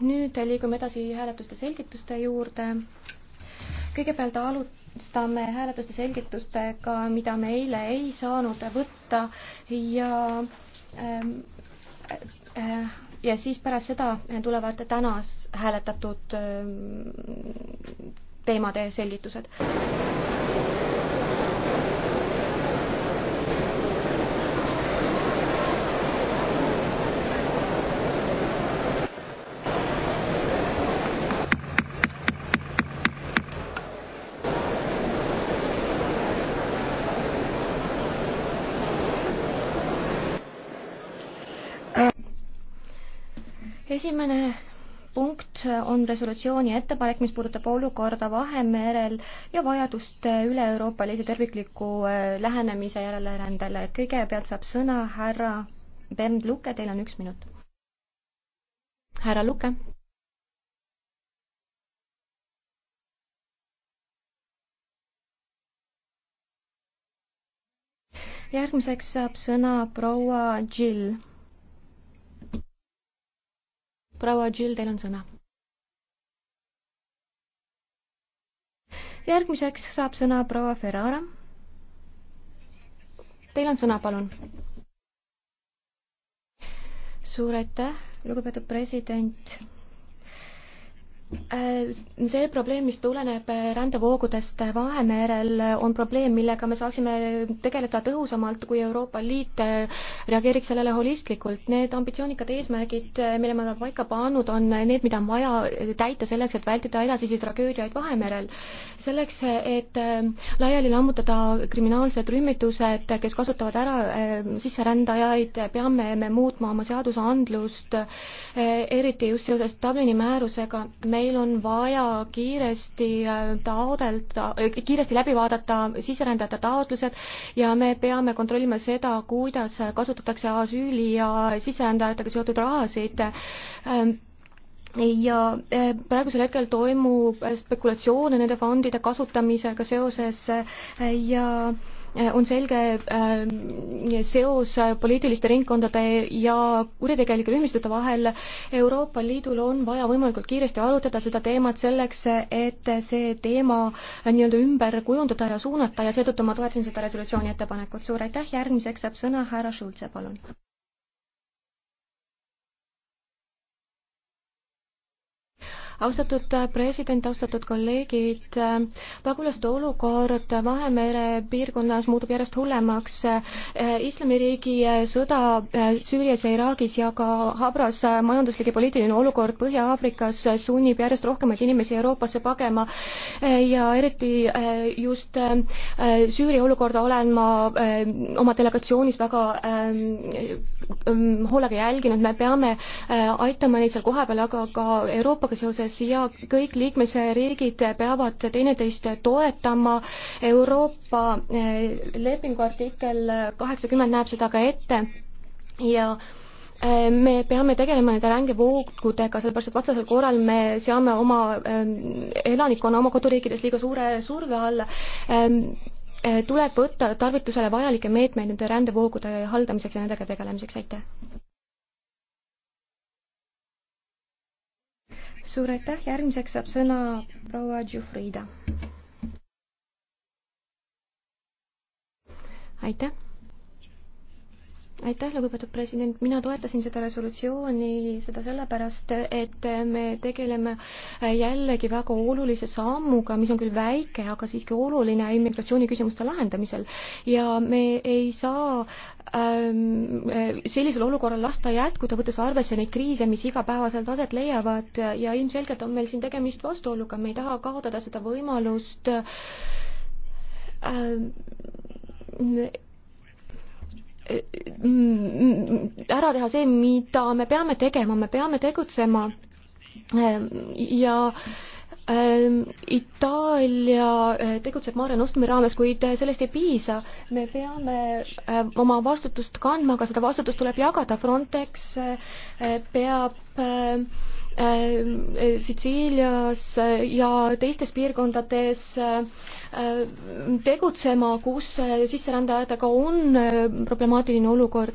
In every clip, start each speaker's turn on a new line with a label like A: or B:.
A: nüüd liigume edasi hääletuste selgituste juurde. kõigepealt alustame hääletuste selgitustega, mida me eile ei saanud võtta ja ähm, äh, ja siis pärast seda tulevad tänas hääletatud ähm, teemade selgitused. esimene punkt on resolutsiooni ettepanek, mis puudutab olukorda Vahemerel ja vajadust üle-euroopalise tervikliku äh, lähenemise järele rändele. kõigepealt saab sõna härra Bernd Luke, teil on üks minut. härra Luke. järgmiseks saab sõna proua Jill proua Jill, teil on sõna. järgmiseks saab sõna proua Ferrara. Teil on sõna, palun. suur aitäh, lugupeetud president Äh, see probleem, mis tuleneb äh, rändevoogudest äh, Vahemerel, on probleem, millega me saaksime tegeleda tõhusamalt, kui Euroopa Liit reageeriks sellele holistlikult. Need ambitsioonikad eesmärgid, mille me oleme paika pannud, on need, mida on vaja täita selleks, et vältida edasisi tragöödiaid Vahemerel. selleks, et laiali lammutada kriminaalsed rühmitused, kes kasutavad ära sisserändajaid, peame me muutma oma seadusandlust, eriti just seoses Dublini määrusega. meil on on vaja kiiresti äh, taodelda, äh, kiiresti läbi vaadata sisserändajate taotlused ja me peame kontrollima seda, kuidas kasutatakse asüüli ja sisserändajatega seotud rahasid ähm, ja äh, praegusel hetkel toimub spekulatsioone nende fondide kasutamisega seoses ja Äh, on selge ähm, seos äh, poliitiliste ringkondade ja kuritegelike rühmistute vahel. Euroopa Liidul on vaja võimalikult kiiresti arutada seda teemat selleks, et see teema äh, nii-öelda ümber kujundada ja suunata ja seetõttu ma toetasin seda resolutsiooni ettepanekut. suur aitäh, järgmiseks saab sõna härra Schulze, palun. austatud äh, president, austatud kolleegid, äh, pagulaste olukord Vahemere piirkonnas muutub järjest hullemaks. Äh, islamiriigi sõda Süürias ja Iraagis ja ka habras majanduslik ja poliitiline olukord Põhja-Aafrikas sunnib järjest rohkemaid inimesi Euroopasse pagema ja eriti just Süüria olukorda olen ma oma delegatsioonis väga hoolega jälginud, me peame aitama neid seal kohapeal, aga ka Euroopaga seoses Euroopas ja kõik liikmesriigid peavad teineteist toetama. Euroopa eh, lepingu artikkel kaheksakümmend näeb seda ka ette ja eh, me peame tegelema nende rängevoogudega, sellepärast et vastasel korral me seame oma eh, elanikkonna oma koduriikides liiga suure surve alla. tuleb võtta tarvitusele vajalikke meetmeid nende rändevoogude haldamiseks ja nendega tegelemiseks, aitäh! suur aitäh, järgmiseks saab sõna proua Džufrida. aitäh aitäh, lugupeetud president, mina toetasin seda resolutsiooni, seda sellepärast, et me tegeleme jällegi väga olulise sammuga, mis on küll väike, aga siiski oluline immigratsiooniküsimuste lahendamisel. ja me ei saa ähm, sellisel olukorral lasta jätkuda, võttes arvesse neid kriise, mis igapäevaselt aset leiavad ja ilmselgelt on meil siin tegemist vastuoluga, me ei taha kaotada seda võimalust ähm, Äh, ära teha see, mida me peame tegema, me peame tegutsema ja äh, Itaalia äh, tegutseb Mare Nostumi raames, kuid sellest ei piisa. me peame oma vastutust kandma, aga seda vastutust tuleb jagada. Frontex peab Äh, Sitsiilias äh, ja teistes piirkondades äh, tegutsema, kus sisserändajatega on problemaatiline olukord.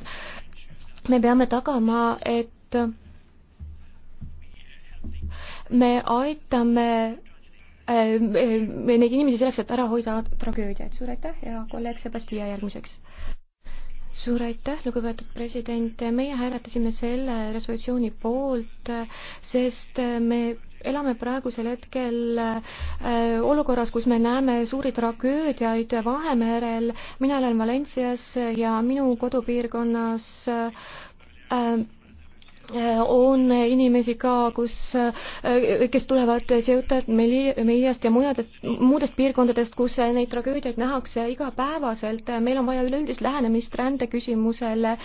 A: me peame tagama, et me aitame neid inimesi selleks, et ära hoida tragöödiaid. suur aitäh ja kolleeg Sebastia järgmiseks suur aitäh, lugupeetud president, meie hääletasime selle resolutsiooni poolt, sest me elame praegusel hetkel äh, olukorras, kus me näeme suuri tragöödiaid Vahemerel, mina olen Valencias ja minu kodupiirkonnas äh, Äh, on inimesi ka, kus, äh, kes tulevad Ceutat, Meliast ja mujadest, muudest piirkondadest, kus neid tragöödiaid nähakse igapäevaselt. meil on vaja üleüldist lähenemist rändeküsimusele.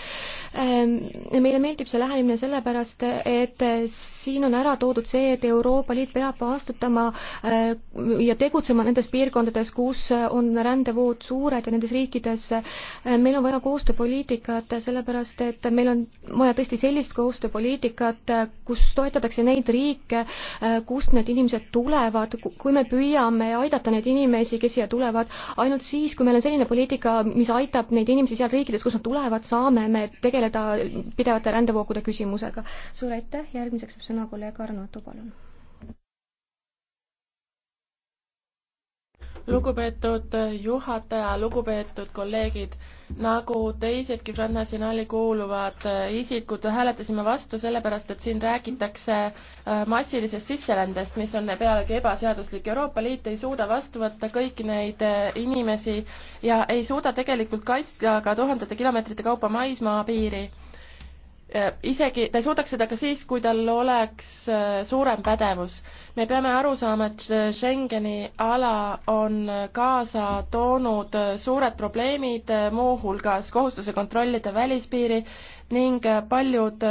A: Ähm, meile meeldib see lähenemine sellepärast, et siin on ära toodud see, et Euroopa Liit peab vastutama äh, ja tegutsema nendes piirkondades, kus on rändevood suured ja nendes riikides. meil on vaja koostööpoliitikat, sellepärast et meil on vaja tõesti sellist koostööd, poliitikat, kus toetatakse neid riike, kust need inimesed tulevad, kui me püüame aidata neid inimesi, kes siia tulevad, ainult siis, kui meil on selline poliitika, mis aitab neid inimesi seal riikides, kust nad tulevad, saame me tegeleda pidevate rändevoogude küsimusega. suur aitäh, järgmiseks saab sõna kolleeg
B: Arno Otu, palun lugupeetud juhataja, lugupeetud kolleegid, nagu teisedki Frannasinaali kuuluvad äh, isikud, hääletasime vastu sellepärast, et siin räägitakse äh, massilisest sisserändest, mis on pealegi ebaseaduslik. Euroopa Liit ei suuda vastu võtta kõiki neid äh, inimesi ja ei suuda tegelikult kaitsta ka tuhandete kilomeetrite kaupa maismaapiiri isegi, ta ei suudaks seda ka siis, kui tal oleks suurem pädevus me peame aru saama, et Schengeni ala on kaasa toonud suured probleemid, muuhulgas kohustuse kontrollida välispiiri ning paljud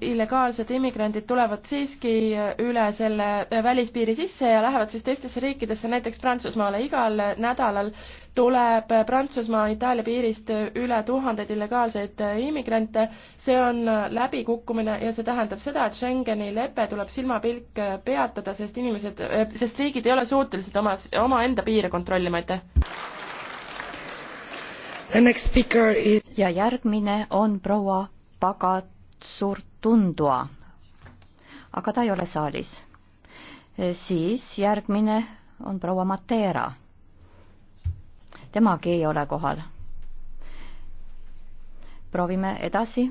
B: illegaalsed immigrandid tulevad siiski üle selle välispiiri sisse ja lähevad siis teistesse riikidesse, näiteks Prantsusmaale. igal nädalal tuleb Prantsusmaa Itaalia piirist üle tuhandeid illegaalseid immigrante. see on läbikukkumine ja see tähendab seda, et Schengeni lepe tuleb silmapilk peatada, sest sest inimesed, eh, sest riigid ei ole suutelised oma, omaenda piire kontrollima, aitäh.
C: ja järgmine on proua Pagatsurtundua, aga ta ei ole saalis. Eh, siis järgmine on proua Matera. temagi ei ole kohal. proovime edasi.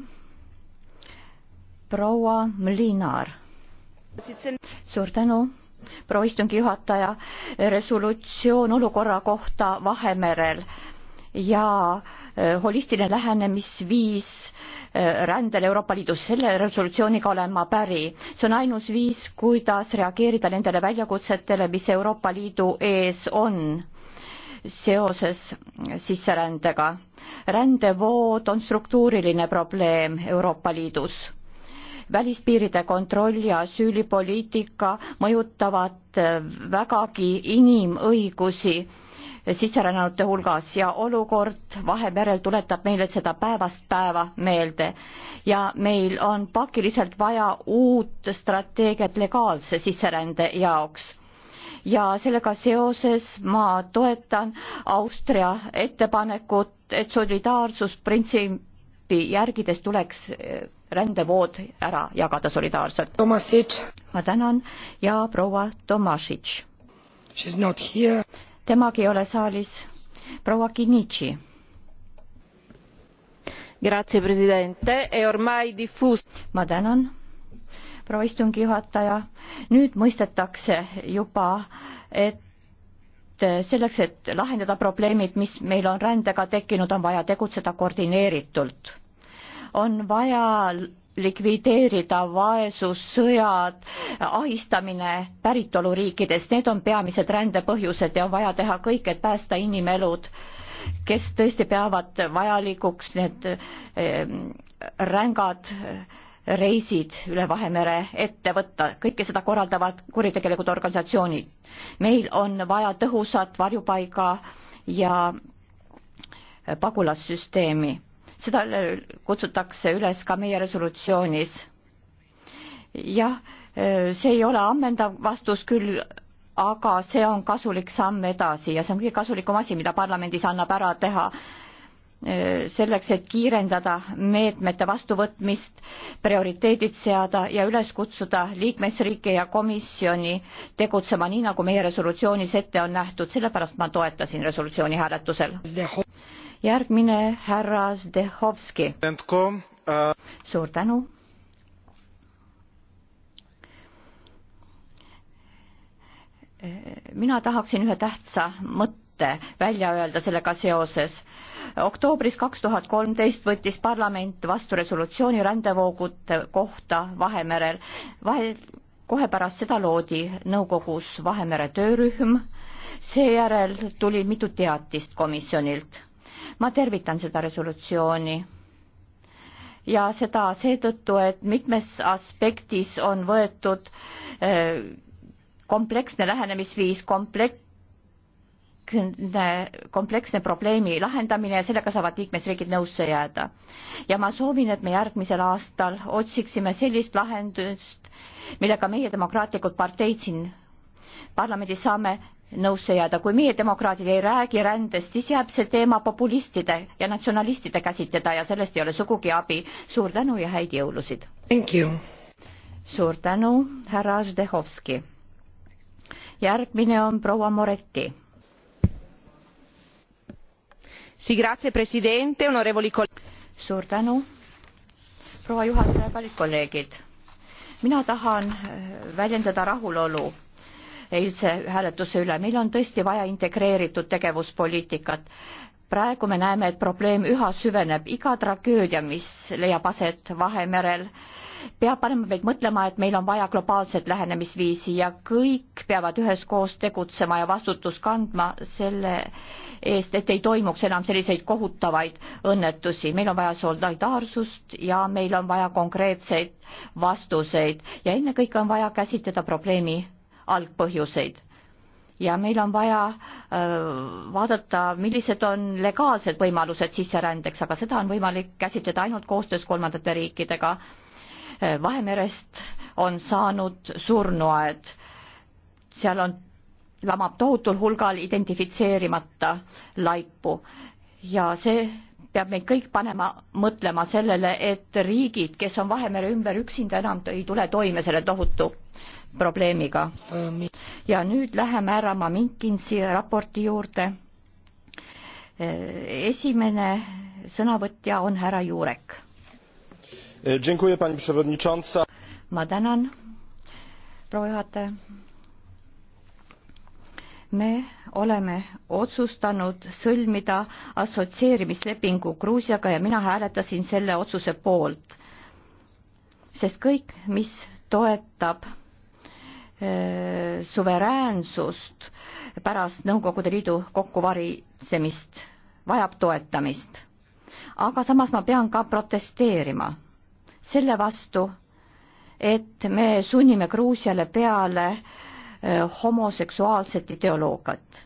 C: proua Mlinar suur tänu, proua istungi juhataja. resolutsioon olukorra kohta Vahemerel ja eh, holistiline lähenemisviis eh, rändele Euroopa Liidus, selle resolutsiooniga olen ma päri. see on ainus viis, kuidas reageerida nendele väljakutsetele, mis Euroopa Liidu ees on seoses sisserändega. rändevood on struktuuriline probleem Euroopa Liidus välispiiride kontroll ja asüülipoliitika mõjutavad äh, vägagi inimõigusi sisserännanute hulgas ja olukord Vahemerel tuletab meile seda päevast päeva meelde ja meil on pakiliselt vaja uut strateegiat legaalse sisserände jaoks ja sellega seoses ma toetan Austria ettepanekut, et solidaarsusprintsiip appi järgides tuleks eh, rändevood ära jagada solidaarselt. ma tänan ja proua Tomašitš. temagi ei ole saalis. proua Kinnitši. ma tänan, proua istungi juhataja. nüüd mõistetakse juba, et et eh, selleks, et lahendada probleemid, mis meil on rändega tekkinud, on vaja tegutseda koordineeritult. on vaja likvideerida vaesus, sõjad, ahistamine päritoluriikides, need on peamised rändepõhjused ja on vaja teha kõik, et päästa inimelud, kes tõesti peavad vajalikuks need eh, rängad reisid üle Vahemere ette võtta, kõike seda korraldavad kuritegelikud organisatsioonid. meil on vaja tõhusat varjupaiga ja äh, pagulassüsteemi, seda kutsutakse üles ka meie resolutsioonis. jah, äh, see ei ole ammendav vastus küll, aga see on kasulik samm edasi ja see on kõige kasulikum asi, mida parlamendis annab ära teha selleks, et kiirendada meetmete vastuvõtmist, prioriteedid seada ja üles kutsuda liikmesriike ja komisjoni tegutsema nii, nagu meie resolutsioonis ette on nähtud, sellepärast ma toetasin resolutsiooni hääletusel. järgmine härra Zdehovski. suur tänu. mina tahaksin ühe tähtsa mõtte välja öelda sellega seoses oktoobris kaks tuhat kolmteist võttis parlament vastu resolutsiooni rändevoogude kohta Vahemerel. vahel kohe pärast seda loodi nõukogus Vahemere töörühm, seejärel tuli mitu teatist komisjonilt. ma tervitan seda resolutsiooni ja seda seetõttu, et mitmes aspektis on võetud eh, kompleksne lähenemisviis, komplekt, kompleksne probleemi lahendamine ja sellega saavad liikmesriigid nõusse jääda. ja ma soovin, et me järgmisel aastal otsiksime sellist lahendust, millega meie demokraatlikud parteid siin parlamendis saame nõusse jääda. kui meie demokraadid ei räägi rändest, siis jääb see teema populistide ja natsionalistide käsitleda ja sellest ei ole sugugi abi. suur tänu ja häid jõulusid! suur tänu, härra Ždehovski! järgmine on proua Moretti signor presidente onorevoli colleghi proua juhataja kallid kolleegid mina tahan äh, väljendada rahulolu eilse hääletuse üle meil on tõesti vaja integreeritud tegevuspoliitikat praegu me näeme et probleem üha süveneb iga tragöödia mis leiab aset vahemerel peab panema meid mõtlema, et meil on vaja globaalset lähenemisviisi ja kõik peavad üheskoos tegutsema ja vastutust kandma selle eest, et ei toimuks enam selliseid kohutavaid õnnetusi. meil on vaja solidaarsust ja meil on vaja konkreetseid vastuseid ja ennekõike on vaja käsitleda probleemi algpõhjuseid ja meil on vaja öö, äh, vaadata, millised on legaalsed võimalused sisserändeks, aga seda on võimalik käsitleda ainult koostöös kolmandate riikidega Vahemerest on saanud surnuaed. seal on, lamab tohutul hulgal identifitseerimata laipu ja see peab meid kõik panema mõtlema sellele, et riigid, kes on Vahemere ümber üksinda enam ei tule toime selle tohutu probleemiga. ja nüüd läheme ära Maminkinsi raporti juurde. esimene sõnavõtja on härra Juurek E, ma tänan, proua juhataja. me oleme otsustanud sõlmida assotsieerimislepingu Gruusiaga ja mina hääletasin selle otsuse poolt. sest kõik, mis toetab e, suveräänsust pärast Nõukogude Liidu kokkuvarisemist vajab toetamist. aga samas ma pean ka protesteerima selle vastu, et me sunnime Gruusiale peale eh, homoseksuaalset ideoloogiat.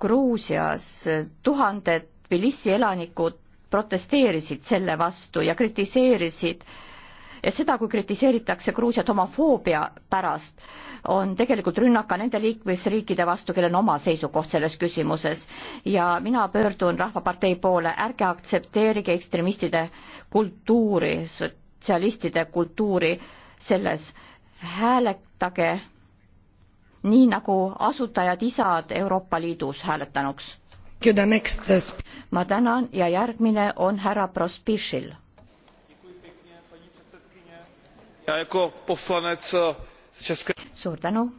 C: Gruusias tuhanded Tbilisi elanikud protesteerisid selle vastu ja kritiseerisid äh, ja seda, kui kritiseeritakse Gruusiat homofoobia pärast, on tegelikult rünnak ka nende liikmesriikide vastu, kellel on oma seisukoht selles küsimuses. ja mina pöördun Rahvapartei poole, ärge aktsepteerige ekstremistide kultuuri, sotsialistide kultuuri selles, hääletage nii nagu asutajad isad Euroopa Liidus hääletanuks. ma tänan ja järgmine on härra Prospišil já jako poslanec eh, z České... Suur tänu.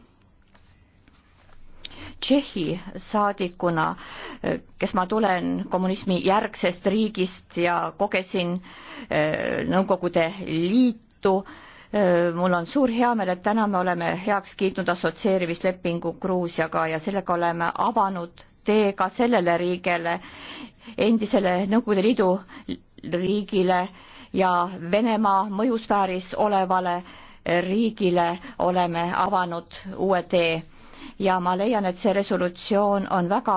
C: Tšehhi saadikuna, eh, kes ma tulen kommunismi järgsest riigist ja kogesin eh, Nõukogude Liitu, mul on suur heameel, et täna me oleme heaks kiitnud assotsieerimislepingu Gruusiaga ja sellega oleme avanud tee ka sellele riigile, endisele Nõukogude Liidu riigile, ja Venemaa mõjusfääris olevale riigile oleme avanud uue tee ja ma leian, et see resolutsioon on väga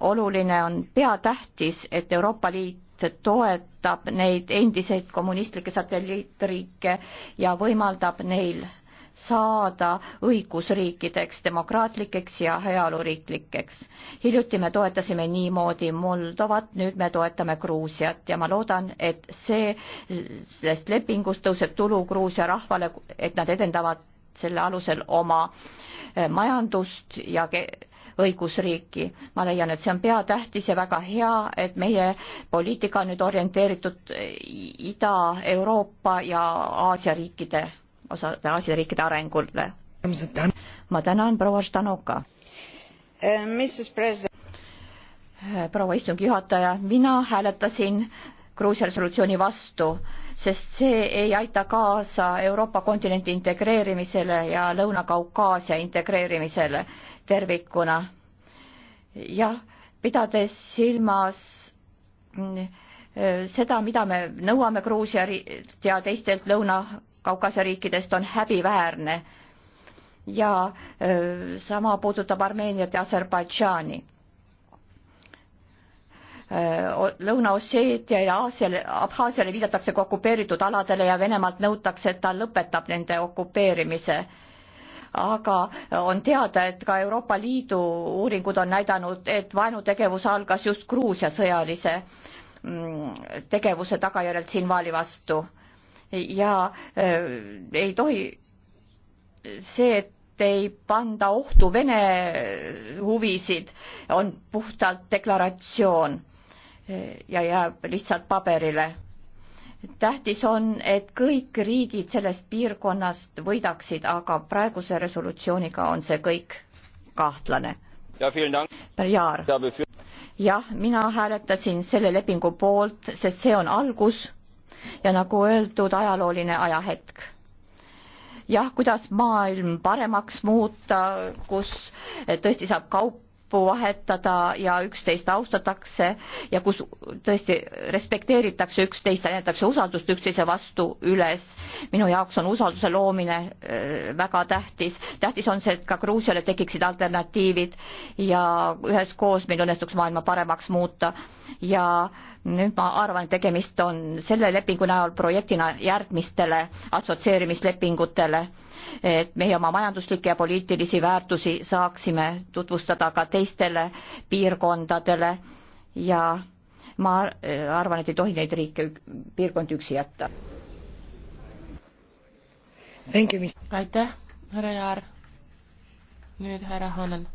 C: oluline, on peatähtis, et Euroopa Liit toetab neid endiseid kommunistlikke satelliitriike ja võimaldab neil saada õigusriikideks, demokraatlikeks ja heaoluriiklikeks. hiljuti me toetasime niimoodi Moldovat, nüüd me toetame Gruusiat ja ma loodan, et see, sellest lepingust tõuseb tulu Gruusia rahvale, et nad edendavad selle alusel oma eh, majandust ja õigusriiki. ma leian, et see on peatähtis ja väga hea, et meie poliitika on nüüd orienteeritud eh, Ida-Euroopa ja Aasia riikide osade Aasia riikide arengule. ma tänan proua Ždanoka. Äh, äh, proua istungi juhataja, mina hääletasin Gruusia resolutsiooni vastu, sest see ei aita kaasa Euroopa kontinendi integreerimisele ja Lõuna-Kaukaasia integreerimisele tervikuna. jah, pidades silmas mm, äh, seda, mida me nõuame Gruusialt ja teistelt Lõuna Kaukasia riikidest on häbiväärne ja sama puudutab Armeeniat ja Aserbaidžaani. Lõuna-Osseetia ja Aasiale, Abhaasiale viidatakse kui okupeeritud aladele ja Venemaalt nõutakse, et ta lõpetab nende okupeerimise. aga on teada, et ka Euroopa Liidu uuringud on näidanud, et vaenutegevus algas just Gruusia sõjalise mm, tegevuse tagajärjel Tsinvali vastu ja äh, ei tohi see, et ei panda ohtu Vene äh, huvisid, on puhtalt deklaratsioon äh, ja jääb lihtsalt paberile. tähtis on, et kõik riigid sellest piirkonnast võidaksid, aga praeguse resolutsiooniga on see kõik kahtlane. jah, mina hääletasin selle lepingu poolt, sest see on algus ja nagu öeldud, ajalooline ajahetk. jah, kuidas maailm paremaks muuta, kus tõesti saab kaupa näppu vahetada ja üksteist austatakse ja kus tõesti respekteeritakse üksteist, näidatakse usaldust üksteise vastu üles. minu jaoks on usalduse loomine äh, väga tähtis. tähtis on see, et ka Gruusiale tekiksid alternatiivid ja üheskoos meil õnnestuks maailma paremaks muuta ja nüüd ma arvan, et tegemist on selle lepingu näol projektina järgmistele assotsieerimislepingutele et meie oma majanduslikke ja poliitilisi väärtusi saaksime tutvustada ka teistele piirkondadele ja ma arvan, et ei tohi neid riike, piirkondi üksi jätta.
B: aitäh, härra Jaar. nüüd härra Hanan.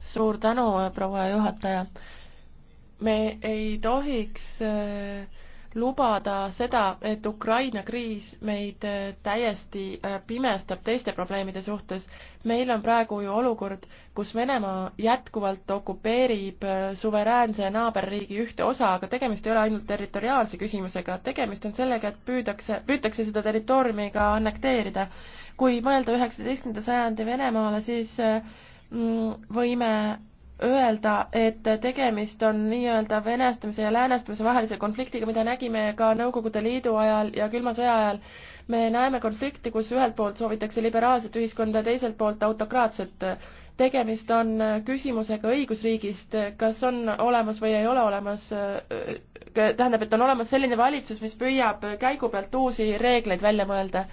B: suur tänu, proua juhataja. me ei tohiks äh, lubada seda, et Ukraina kriis meid äh, täiesti äh, pimestab teiste probleemide suhtes. meil on praegu ju olukord, kus Venemaa jätkuvalt okupeerib äh, suveräänse naaberriigi ühte osa, aga tegemist ei ole ainult territoriaalse küsimusega, tegemist on sellega, et püüdakse, püütakse seda territooriumi ka annekteerida. kui mõelda üheksateistkümnenda sajandi Venemaale, siis mm, võime öelda, et tegemist on nii-öelda venestamise ja läänestamise vahelise konfliktiga, mida nägime ka Nõukogude Liidu ajal ja külma sõja ajal. me näeme konflikti, kus ühelt poolt soovitakse liberaalset ühiskonda, teiselt poolt autokraatset. tegemist on küsimusega õigusriigist, kas on olemas või ei ole olemas, tähendab, et on olemas selline valitsus, mis püüab käigu pealt uusi reegleid välja mõelda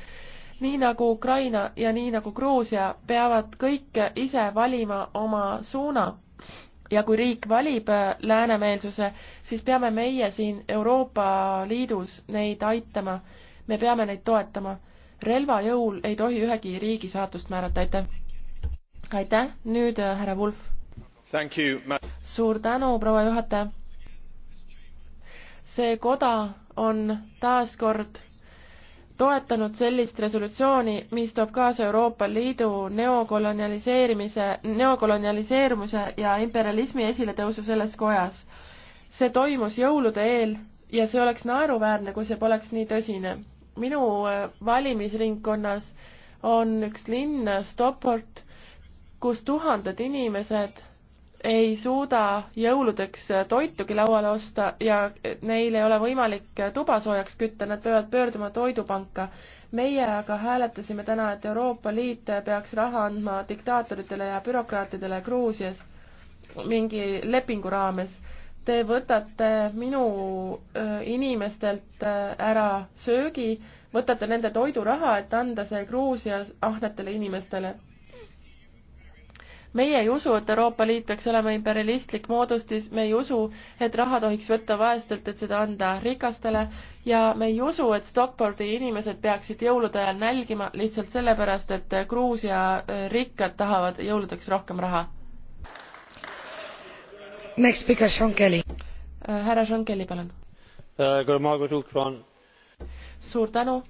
B: nii nagu Ukraina ja nii nagu Gruusia peavad kõik ise valima oma suuna ja kui riik valib äh, läänemeelsuse, siis peame meie siin Euroopa Liidus neid aitama. me peame neid toetama. relva jõul ei tohi ühegi riigi saatust määrata, aitäh. aitäh, nüüd äh, härra Wulf. suur tänu, proua juhataja. see koda on taas kord toetanud sellist resolutsiooni, mis toob kaasa Euroopa Liidu neokolonialiseerimise, neokolonialiseerumise ja imperialismi esiletõusu selles kojas. see toimus jõulude eel ja see oleks naeruväärne, kui see poleks nii tõsine. minu äh, valimisringkonnas on üks linn, Stopport, kus tuhanded inimesed ei suuda jõuludeks toitugi lauale osta ja neil ei ole võimalik tuba soojaks kütta, nad peavad pöörduma toidupanka. meie aga hääletasime täna, et Euroopa Liit peaks raha andma diktaatoritele ja bürokraatidele Gruusias mingi lepingu raames. Te võtate minu inimestelt ära söögi, võtate nende toiduraha, et anda see Gruusia ahnetele inimestele meie ei usu, et Euroopa Liit peaks olema imperialistlik moodustis, me ei usu, et raha tohiks võtta vaestelt, et seda anda rikastele ja me ei usu, et Stockporti inimesed peaksid jõulude ajal nälgima lihtsalt sellepärast, et Gruusia äh, rikkad tahavad jõuludeks rohkem raha. Next speaker Sean Kelly. Äh, härra Sean Kelly, palun.
C: Äh,
B: suur tänu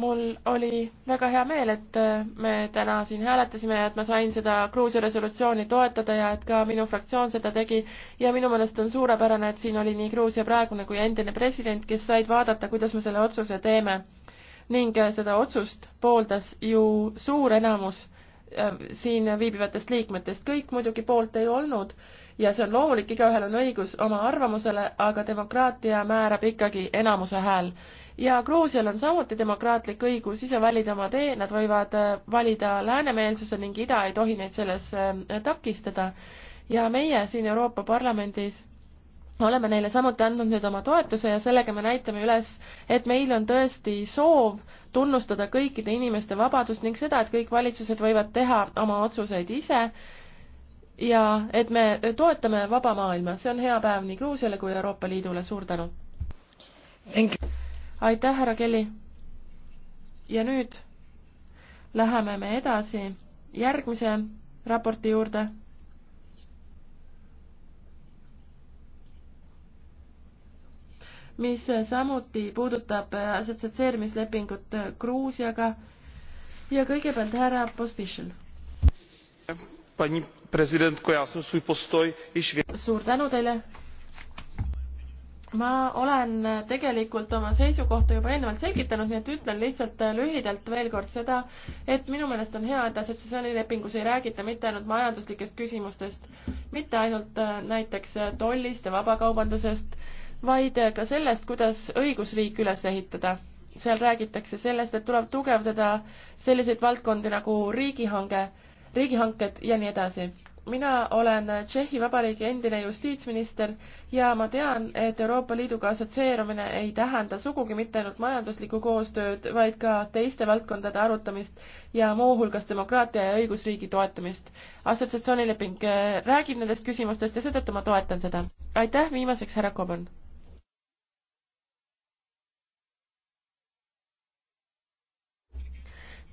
B: mul oli väga hea meel, et äh, me täna siin hääletasime ja et ma sain seda Gruusia resolutsiooni toetada ja et ka minu fraktsioon seda tegi. ja minu meelest on suurepärane, et siin oli nii Gruusia praegune kui endine president, kes said vaadata, kuidas me selle otsuse teeme. ning äh, seda otsust pooldas ju suur enamus äh, siin viibivatest liikmetest, kõik muidugi poolt ei olnud ja see on loomulik, igaühel on õigus oma arvamusele, aga demokraatia määrab ikkagi enamuse hääl ja Gruusial on samuti demokraatlik õigus ise valida oma tee, nad võivad äh, valida läänemeelsuse ning ida ei tohi neid selles äh, takistada. ja meie siin Euroopa Parlamendis oleme neile samuti andnud nüüd oma toetuse ja sellega me näitame üles, et meil on tõesti soov tunnustada kõikide inimeste vabadust ning seda, et kõik valitsused võivad teha oma otsuseid ise ja et me toetame vaba maailma, see on hea päev nii Gruusiale kui Euroopa Liidule, suur tänu! aitäh, härra Kelly. ja nüüd läheme me edasi järgmise raporti juurde. mis samuti puudutab assotsieerimislepingut Gruusiaga ja kõigepealt härra Pospišil. suur tänu teile ma olen tegelikult oma seisukohta juba eelnevalt selgitanud, nii et ütlen lihtsalt äh, lühidalt veel kord seda, et minu meelest on hea, et assotsiatsioonilepingus ei räägita mitte ainult majanduslikest küsimustest, mitte ainult äh, näiteks äh, tollist ja vabakaubandusest, vaid ka sellest, kuidas õigusriik üles ehitada. seal räägitakse sellest, et tuleb tugevdada selliseid valdkondi nagu riigihange, riigihanked ja nii edasi mina olen Tšehhi Vabariigi endine justiitsminister ja ma tean, et Euroopa Liiduga assotsieerumine ei tähenda sugugi mitte ainult majanduslikku koostööd, vaid ka teiste valdkondade arutamist ja muuhulgas demokraatia ja õigusriigi toetamist. assotsiatsioonileping äh, räägib nendest küsimustest ja seetõttu ma toetan seda. aitäh, viimaseks härra Koban.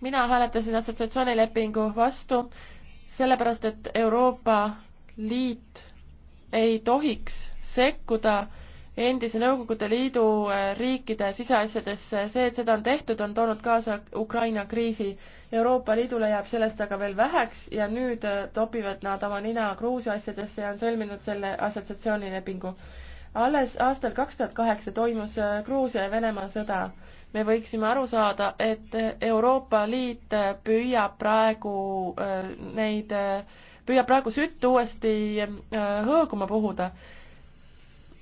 B: mina hääletasin assotsiatsioonilepingu vastu sellepärast et Euroopa Liit ei tohiks sekkuda endise Nõukogude Liidu äh, riikide siseasjadesse, see, et seda on tehtud, on toonud kaasa Ukraina kriisi. Euroopa Liidule jääb sellest aga veel väheks ja nüüd äh, topivad nad oma nina Gruusia asjadesse ja on sõlminud selle assotsiatsioonilepingu alles aastal kaks tuhat kaheksa toimus äh, Gruusia ja Venemaa sõda me võiksime aru saada, et Euroopa Liit püüab praegu äh, neid, äh, püüab praegu sütt uuesti äh, hõõguma puhuda.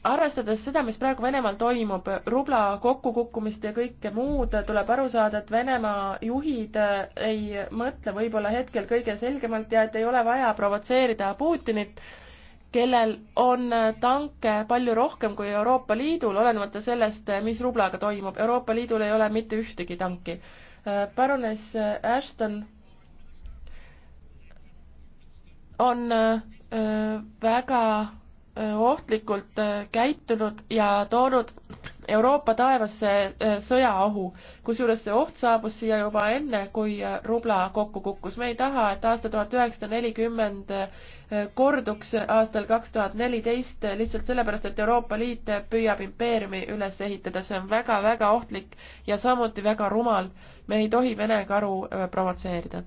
B: arvestades seda, mis praegu Venemaal toimub, rubla kokkukukkumist ja kõike muud, tuleb aru saada, et Venemaa juhid ei mõtle võib-olla hetkel kõige selgemalt ja et ei ole vaja provotseerida Putinit kellel on äh, tanke palju rohkem kui Euroopa Liidul, olenemata sellest, äh, mis rublaga toimub. Euroopa Liidul ei ole mitte ühtegi tanki. Äh, Baroness Ashton on väga ohtlikult käitunud ja toonud Euroopa taevasse äh, sõjaohu, kusjuures see oht saabus siia juba enne, kui äh, rubla kokku kukkus. me ei taha, et aasta tuhat üheksasada nelikümmend äh, korduks aastal kaks tuhat neliteist lihtsalt sellepärast, et Euroopa Liit püüab impeeriumi üles ehitada. see on väga-väga ohtlik ja samuti väga rumal. me ei tohi Vene karu provotseerida.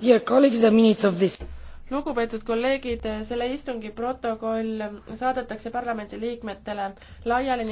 B: Dear colleagues, the minutes of this lugupeetud kolleegid, selle istungi protokoll saadetakse parlamendi liikmetele laiali.